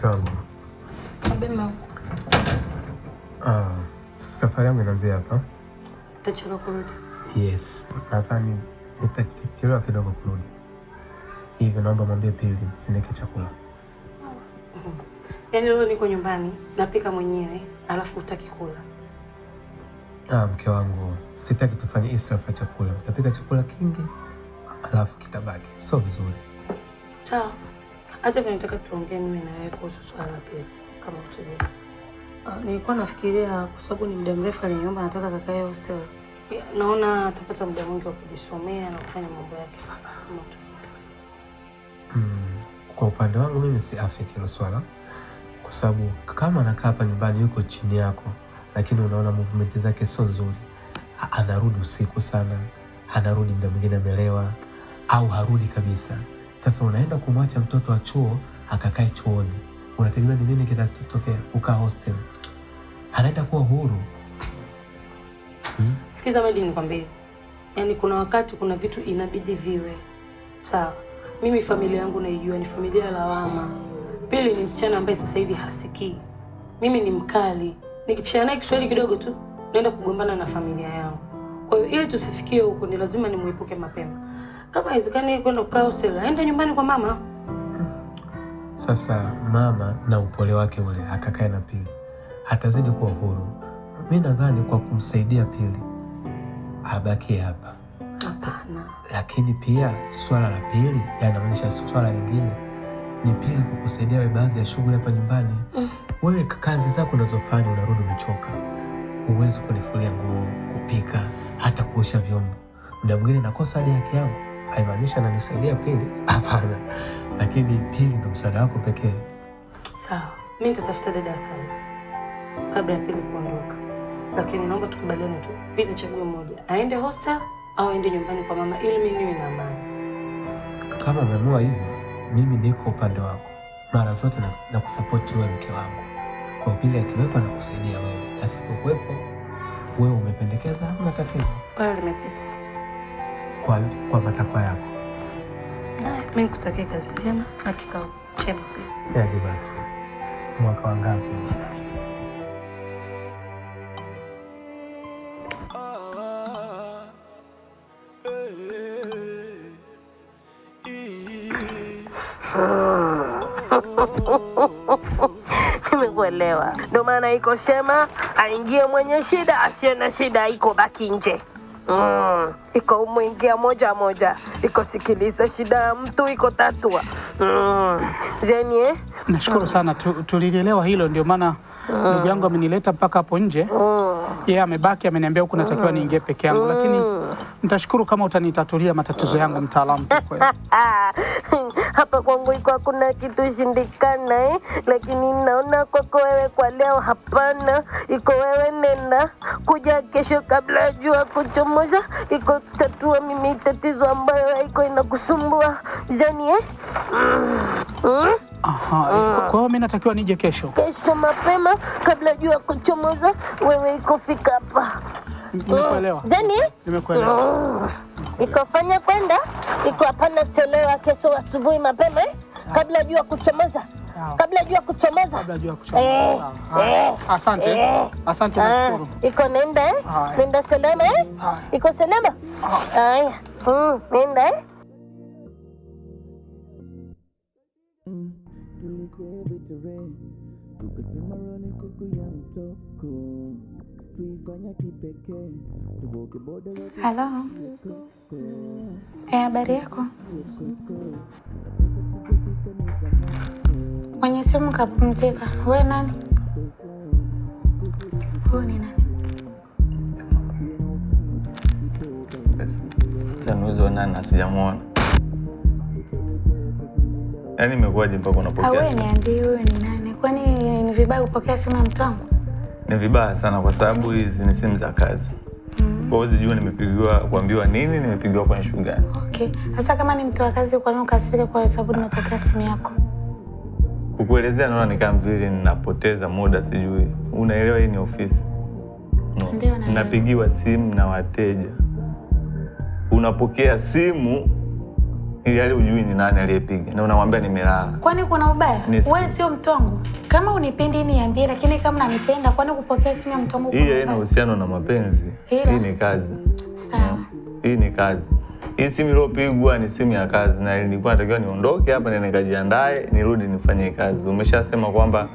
Kama Mabema. Ah, safari yangu inaanzia hapa. Tachelewa kurudi. Yes, nadhani nitachelewa kidogo kurudi. Hivyo naomba mwambie Pili sinike chakula. Yaani leo niko nyumbani napika mwenyewe alafu utaki kula. Ah, mke wangu, sitaki tufanye israfu ya chakula. Utapika chakula kingi alafu kitabaki. Sio vizuri. Sawa. Hata kama nataka tuongee mimi na wewe kuhusu swala pia kama utulie. Uh, ah, nilikuwa nafikiria kwa sababu ni muda mrefu aliniomba nataka kakae hostel. Naona atapata muda mwingi wa kujisomea na kufanya mambo yake. Mm, kwa upande wangu mimi si afiki hilo swala kwa sababu kama anakaa hapa nyumbani yuko chini yako, lakini unaona movement zake sio nzuri. Anarudi usiku sana, anarudi muda mwingine amelewa au harudi kabisa. Sasa unaenda kumwacha mtoto wa chuo akakae chuoni, unategemea ni nini kitatokea? Ukaa hostel, anaenda kuwa huru hmm? Sikiza Medi, nikwambie, yaani kuna wakati kuna vitu inabidi viwe sawa. Mimi familia yangu naijua, ni familia ya lawama. Pili ni msichana ambaye sasa hivi hasikii. Mimi ni mkali, nikipishana naye Kiswahili kidogo tu naenda kugombana na familia yangu. Kwa hiyo ili tusifikie huko, ni lazima nimwepuke mapema. Kama haiwezekani kwenda kukaa hostel, aende nyumbani kwa mama. Sasa mama na upole wake ule akakae na Pili, hatazidi kuwa huru. Mi nadhani kwa kumsaidia Pili abaki hapa. Hapana. Lakini pia swala la Pili yanaonyesha swala lingine ni Pili kukusaidia wewe baadhi ya shughuli hapa nyumbani. Mm. Wewe kazi zako unazofanya unarudi umechoka, huwezi kunifulia nguo, kupika, hata kuosha vyombo. Muda mwingine nakosa hadi haki yangu haimaanishi ananisaidia pili, hapana, lakini pili ndo msaada wako pekee. Sawa, mi nitatafuta dada ya kazi kabla ya pili kuondoka, lakini naomba tukubaliane tu, pili nichague moja, aende hostel au aende nyumbani kwa mama, ili mi niwe na amani. Kama umeamua hivyo, mimi niko upande wako mara zote na, na kusapoti wewe, mke wangu. Kwa pili akiwepo na kusaidia wewe, asipokuwepo wewe umependekeza, hamna tatizo. Kwa hiyo limepita kwa, kwa matakwa yako. Ah, mimi nikutakia kazi njema na kikao chema. Yaje yaani basi, mwaka wa ngapi? Nimekuelewa. Ndio maana iko shema, aingie mwenye shida, asiye na shida iko baki nje mm. iko mwingia moja moja, ikosikiliza shida ya mtu, iko tatua mm. eh? Nashukuru mm. sana, tulilielewa hilo, ndio maana mm. ndugu yangu amenileta mpaka hapo nje mm. yeye yeah, amebaki ameniambia huku natakiwa ah. niingie peke yangu mm. lakini ah. nitashukuru kama utanitatulia matatizo yangu mtaalamu hapa kwangu iko hakuna kitu shindikana eh? lakini naona kwako wewe kwa leo hapana, iko wewe nenda kuja kesho kabla ya jua kuchomoza, iko tatua mimi tatizo ambayo haiko inakusumbua jani eh? mm. mm. kwa hiyo mimi natakiwa nije kesho, kesho mapema kabla jua kuchomoza, wewe ikofika hapa. Nimekuelewa. Oh. Ikofanya kwenda iko hapana, telewa kesho asubuhi mapema eh? ah. kabla jua kuchomoza kabla jua kuchomoza. Eh, ah. eh, asante, asante, ah, Iko nenda, nenda salama, iko salama. Haya, mm, nenda mm, Halo, eh, habari yako? Mwenye simu kapumzika. We nani? Huyu ni nani? Tanuzo na asijamwona. Yaani imekuwaje mpaka unapokea? Wewe niambie wewe ni nani? Kwani ni vibaya kupokea simu ya mtu wangu? ni vibaya sana, kwa sababu hizi ni simu za kazi kwa hiyo sijui nimepigiwa kuambiwa nini, nimepigiwa kwenye shughuli gani. Okay. Sasa kama ni mtu wa kazi, kwa nini ukasirika kwa sababu nimepokea simu yako? Kukuelezea naona ni kama vile ninapoteza muda, sijui unaelewa, hii ni ofisi no. Ndio napigiwa simu na wateja, unapokea simu ili hali ujui ni nani aliyepiga na unamwambia nimelala. Kwani kuna ubaya? Wewe sio mtongo kama unipendi niambie, lakini kama nanipenda, kwani kupokea simu ya mtu wangu? Hii haina uhusiano na mapenzi, hii ni kazi. Sawa, hii ni kazi. Hii simu iliyopigwa ni simu ya kazi, na nilikuwa natakiwa niondoke hapa na nikajiandae nirudi nifanye kazi. Umeshasema kwamba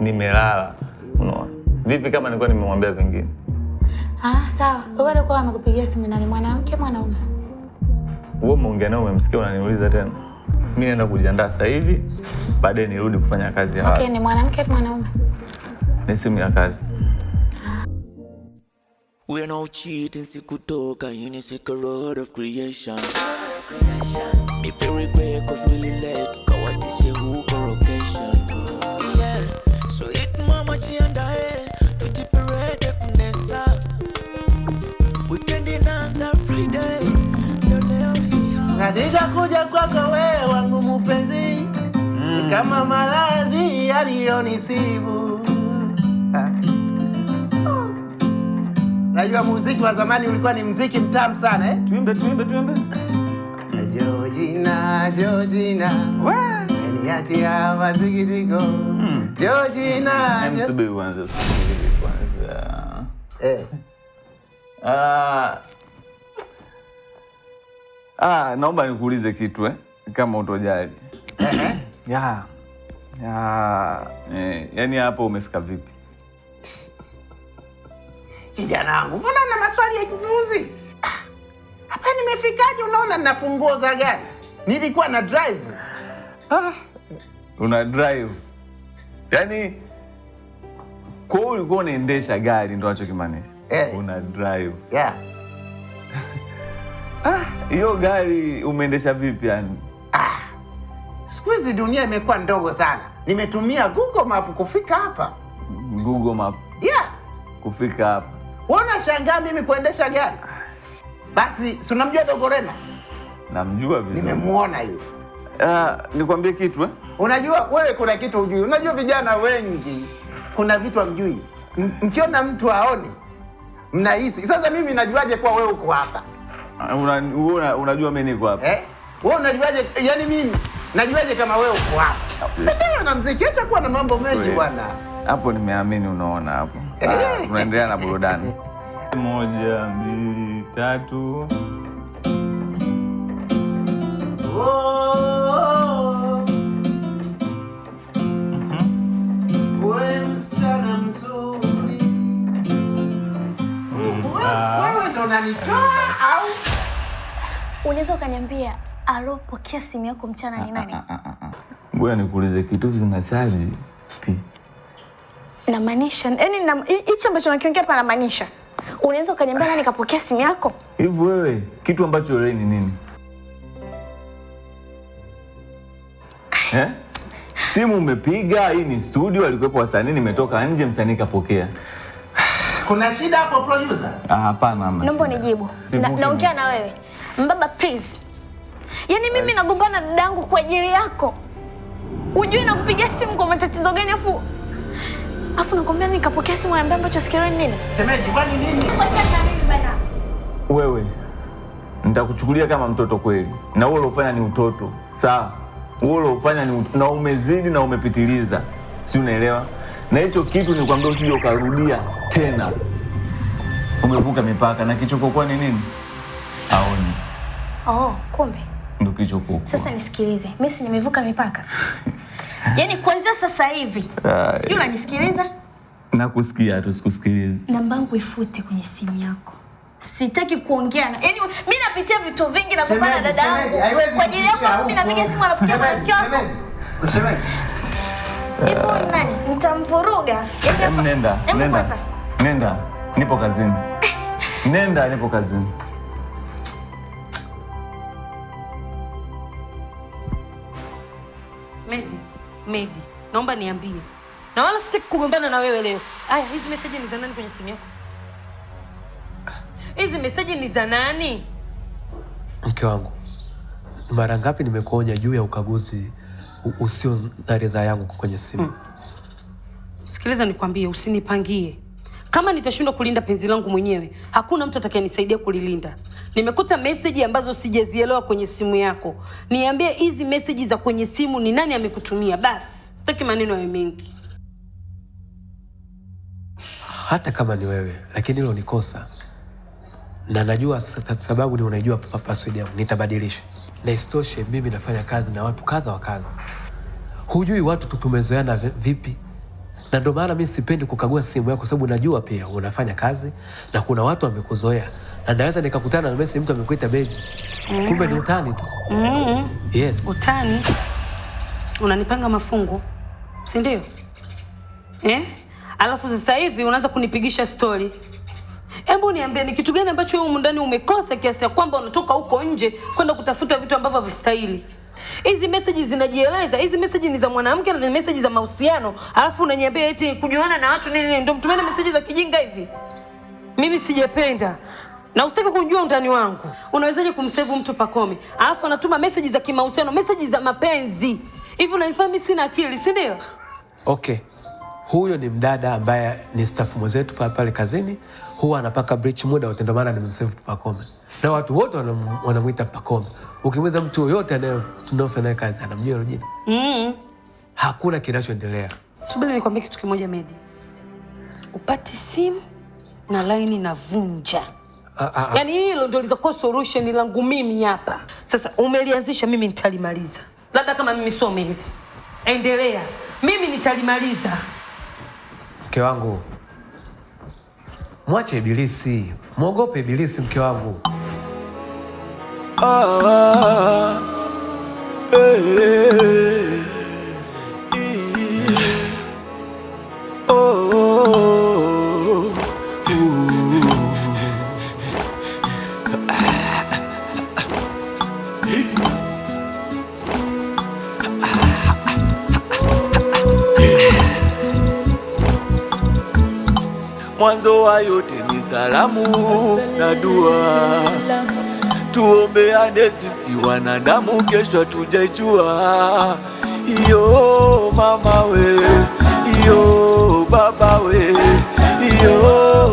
nimelala, unaona vipi? Kama nilikuwa nimemwambia vingine. Ah, sawa. Wewe alikuwa amekupigia simu nani, mwanamke mwanaume? Wewe umeongea naye, umemsikia, unaniuliza tena mi naenda kujiandaa sasa hivi, baadaye nirudi kufanya kazi ya okay. Ni mwanamke mwanaume? Ni simu ya kazi. We are no cheating, si kutoka in a second road of creation. Mi very quick cause we late tukawatishe huko location. Yeah, so it mama jiandae, tujipeleke kunesa. Weekend inaanza Friday. Ndio leo. Nadija kuja kwako kama maradhi yaliyonisibu. Najua muziki wa zamani ulikuwa ni muziki mtamu sana eh? Tuimbe, tuimbe, tuimbe. Georgina, Georgina. Niache hapa tikitiko. Hmm. Georgina. Msubiri kwanza. Kwanza. Eh. Ah. Ah, naomba nikuulize kitu eh, kama utojali eh, eh ya ya eh, yani hapo umefika vipi kijana wangu? Mbona una maswali ya kipuuzi hapa? Nimefikaje? Unaona nina funguo za gari, nilikuwa na drive. Ah, una drive yani kwa ulikuwa unaendesha gari ndo achokimaanisha eh? Una drive yeah. Ah, hiyo gari umeendesha vipi yani? hizi dunia imekuwa ndogo sana. Nimetumia Google Map kufika hapa. Google Map. Yeah. Kufika hapa. Wona shangaa mimi kuendesha gari. Basi, si unamjua Dogorena? Namjua vizuri. Nimemuona yule. Uh, nikwambie kitu eh? Unajua wewe kuna kitu hujui. Unajua vijana wengi kuna vitu hamjui. Mkiona mtu aone mnahisi. Sasa mimi najuaje kuwa wewe uko hapa? Ah, una, una, unajua mimi niko hapa. Eh? Wewe unajuaje? Yaani mimi Najuaje kama wewe uko hapa? na mziki, acha kuwa na mambo mengi bwana. Hapo nimeamini, unaona hapo. Eh. Ah, tunaendelea na burudani. Moja, mbili, tatu. Oh, oh, oh. Mm, ah. Wewe ndo unanitoa au? kaniambia alopokea simu yako mchana ni nani? Ngoja nikuulize kitu zinachaji chaji Na yani hicho ambacho nakiongea hapa na Unaweza ukaniambia nani kapokea simu yako? Hivi wewe kitu ambacho wewe ni nini? Eh? Simu umepiga, hii ni studio, alikuwepo wasanii, nimetoka nje, msanii kapokea. Kuna shida hapo producer? Ah, hapana mama. Naomba nijibu. Naongea na wewe. Mbaba please. Yaani mimi nagombana na dadangu kwa ajili yako, ujui nakupigia simu kwa matatizo gani? Afu afu nakwambia, nikapokea simu naambia ambacho sikielewi nini. Temeji, kwani nini? Wewe nitakuchukulia kama mtoto kweli, na wewe uliofanya ni utoto sawa, wewe uliofanya ni ut... na umezidi na umepitiliza, si unaelewa? Na hicho kitu ni kwambia usije ukarudia tena. Umevuka mipaka na ni nini aoni. Oh, kumbe ndio kichoko. Sasa nisikilize. Mimi si nimevuka mipaka. Yaani kuanzia sasa hivi. Sijui unanisikiliza? Nakusikia tu sikusikiliza. Namba yangu ifute kwenye simu yako. Sitaki kuongea na. Yaani mimi napitia vitu vingi na kupana dada yangu. Kwa ajili yako mimi napiga simu anapiga mwanamke wako. Useme. Hivyo nani? Mtamvuruga. Yaani nenda. Yaani nenda. Nenda. Nipo kazini. Nenda, nipo kazini. Medi, naomba niambie, na wala sitaki kugombana na wewe leo. Aya, hizi meseji ni za nani kwenye simu yako? Hizi meseji ni za nani? Mke wangu, mara ngapi nimekuonya juu ya ukaguzi usio na ridhaa yangu kwenye simu? Hmm. Sikiliza nikwambie, usinipangie kama nitashindwa kulinda penzi langu mwenyewe, hakuna mtu atakayenisaidia kulilinda. Nimekuta meseji ambazo sijazielewa kwenye simu yako. Niambie hizi meseji za kwenye simu ni nani amekutumia? Basi sitaki maneno yawe mengi. Hata kama ni wewe, lakini hilo ni kosa, na najua sababu ni unaijua password yangu, nitabadilisha. Na isitoshe mimi nafanya kazi na watu kadha wa kadha, hujui watu tumezoeana vipi na ndio maana mimi sipendi kukagua simu yako, sababu najua pia unafanya kazi na kuna watu wamekuzoea, na naweza nikakutana na message mtu amekuita baby, mm-hmm. kumbe ni utani tu. Mm. Yes. Utani. Unanipanga mafungu, si ndio? Eh? Alafu sasa hivi unaanza kunipigisha story. Hebu niambie ni kitu gani ambacho wewe umundani umekosa kiasi ya kwamba unatoka huko nje kwenda kutafuta vitu ambavyo havistahili? hizi message zinajieleza, hizi message ni za mwanamke na message za mahusiano, alafu unaniambia eti kujuana na watu nini, ndio mtumeni message za kijinga hivi? Mimi sijapenda na usitaki kujua undani wangu. Unawezaje kumsave mtu Pakomi alafu anatuma message za kimahusiano, message za mapenzi hivi? Unanifanya mimi sina akili, si ndio? Okay. Huyo ni mdada ambaye ni staff mwenzetu pale pale kazini, huwa anapaka bleach muda wote, ndio maana nimemsave Pakome na watu wote wanamwita Pakome. Ukimweza mtu yoyote tunaofanya naye kazi anamjua hilo jina mm Hakuna kinachoendelea. Subiri nikwambie kitu kimoja, Medi, upati simu na laini na vunja A -a -a. Yani hilo ndio litakuwa solution langu mimi hapa sasa. Umelianzisha, mimi nitalimaliza, labda kama mimi sio Medi. Endelea, mimi nitalimaliza mke wangu, mwache Ibilisi, mwogope Ibilisi, mke wangu. Ah, eh, eh, oh, oh. mwanzo wa yote ni salamu na dua. Tuombeane sisi wanadamu, kesho tujaijua. Iyo mama we, iyo baba we, yo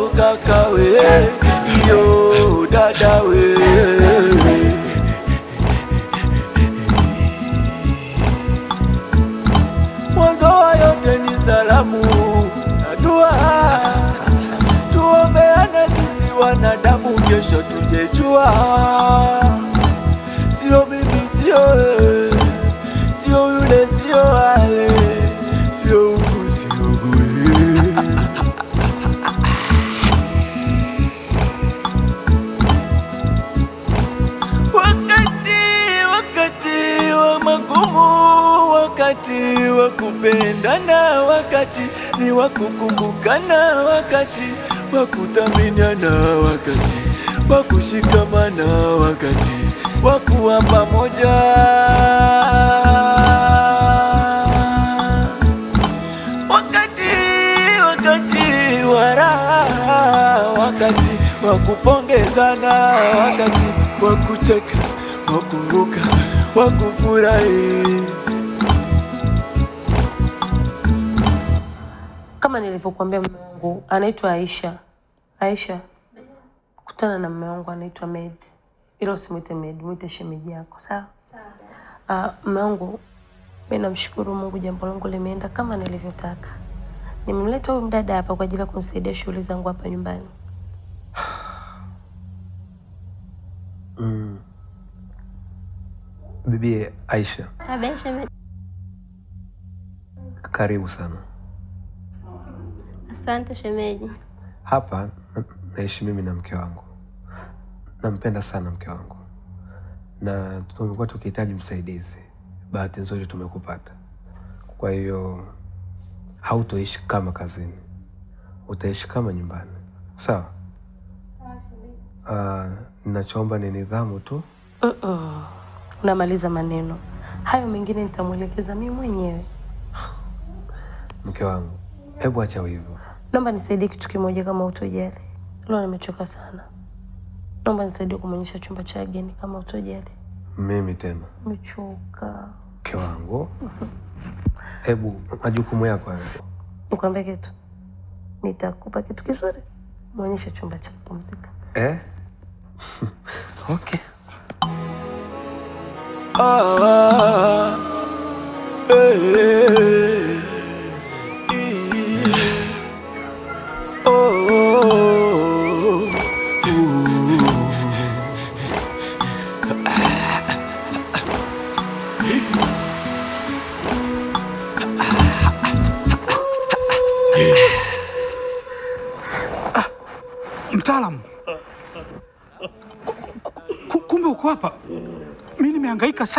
wakati wa kupendana, wakati ni wa kukumbukana, wakati wa kuthaminiana, wakati wa kushikamana, wakati wa kuwa pamoja. Wakati, wakati wa raha, wakati wa kupongezana, wakati wa kucheka, wa kuruka, wa kufurahi kama nilivyokuambia, mume wangu anaitwa Aisha. Aisha, kutana na mume wangu anaitwa Med, ila usimwite Med, mwite shemeji yako, sawa? Sawa. Uh, mume wangu mimi namshukuru Mungu, jambo langu limeenda kama nilivyotaka. Nimemleta huyu mdada hapa kwa ajili ya kumsaidia shughuli zangu hapa nyumbani. Mm. Bibi Aisha. Aisha. Karibu sana. Asante shemeji. Hapa naishi mimi na mke wangu, nampenda sana mke wangu na tumekuwa tukihitaji msaidizi. Bahati nzuri tumekupata, kwa hiyo hautoishi kama kazini, utaishi kama nyumbani, sawa? Sawa. Ah, ninachoomba ni nidhamu tu. uh -uh. Unamaliza maneno hayo, mengine nitamwelekeza mimi mwenyewe mke wangu Hebu acha hivyo. Naomba nisaidie kitu kimoja kama utojali. Leo nimechoka sana. Naomba nisaidie kumonyesha chumba cha wageni kama utojali. Mimi tena nimechoka. Mke wangu, hebu majukumu yako hayo. Nikwambie kitu, nitakupa kitu kizuri, Muonyesha chumba cha kupumzika eh? okay. oh, oh, oh.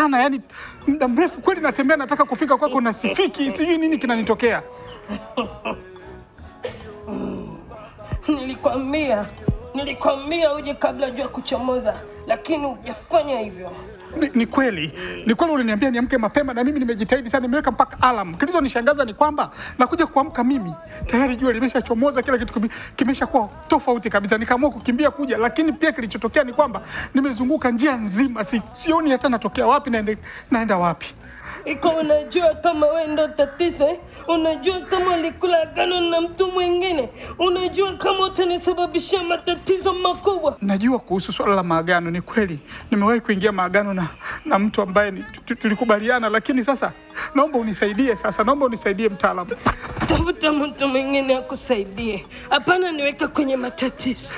sana, yani muda mrefu kweli natembea, nataka kufika kwako na sifiki, sijui nini kinanitokea. Nilikwambia Nilikwambia uje kabla jua kuchomoza, lakini hujafanya hivyo. Ni, ni kweli ni kweli, uliniambia niamke mapema na mimi nimejitahidi sana, nimeweka mpaka alam. Kilichonishangaza ni kwamba nakuja kuamka mimi tayari jua limeshachomoza, kila kitu kimeshakuwa tofauti kabisa. Nikaamua kukimbia kuja, lakini pia kilichotokea ni kwamba nimezunguka njia nzima, si sioni hata natokea wapi, naende, naenda wapi. Iko unajua kama we ndo tatizo eh? Unajua kama ulikula agano na mtu mwingine, unajua kama utanisababishia matatizo makubwa. Najua kuhusu swala la maagano, ni kweli nimewahi kuingia maagano na, na mtu ambaye tulikubaliana, lakini sasa naomba unisaidie, sasa naomba unisaidie mtaalamu, tafuta mtu mwingine akusaidie. Hapana niweka kwenye matatizo.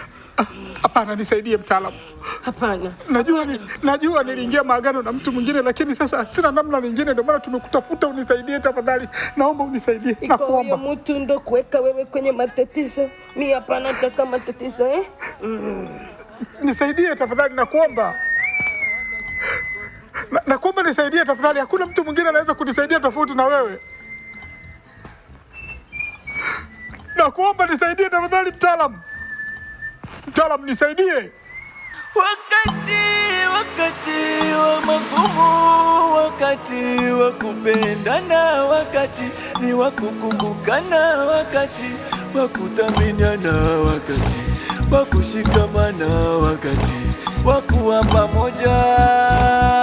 Hapana, nisaidie mtaalamu. Hapana, najua ni, najua niliingia maagano na mtu mwingine, lakini sasa sina namna nyingine, ndio maana tumekutafuta unisaidie. Tafadhali naomba unisaidie, nakuomba. Huyo mtu ndo kuweka wewe kwenye matatizo, mi hapana, nataka matatizo eh? Mm. Nisaidie tafadhali, nakuomba nakuomba, na, nisaidie tafadhali. Hakuna mtu mwingine anaweza kunisaidia tofauti na wewe. Nakuomba nisaidie tafadhali, mtaalamu mtaalamu nisaidie. Wakati wakati wa magumu, wakati wa kupendana, wakati ni wa kukumbukana, wakati wa kuthaminiana, wakati wa kushikamana, wakati wa kuwa pamoja.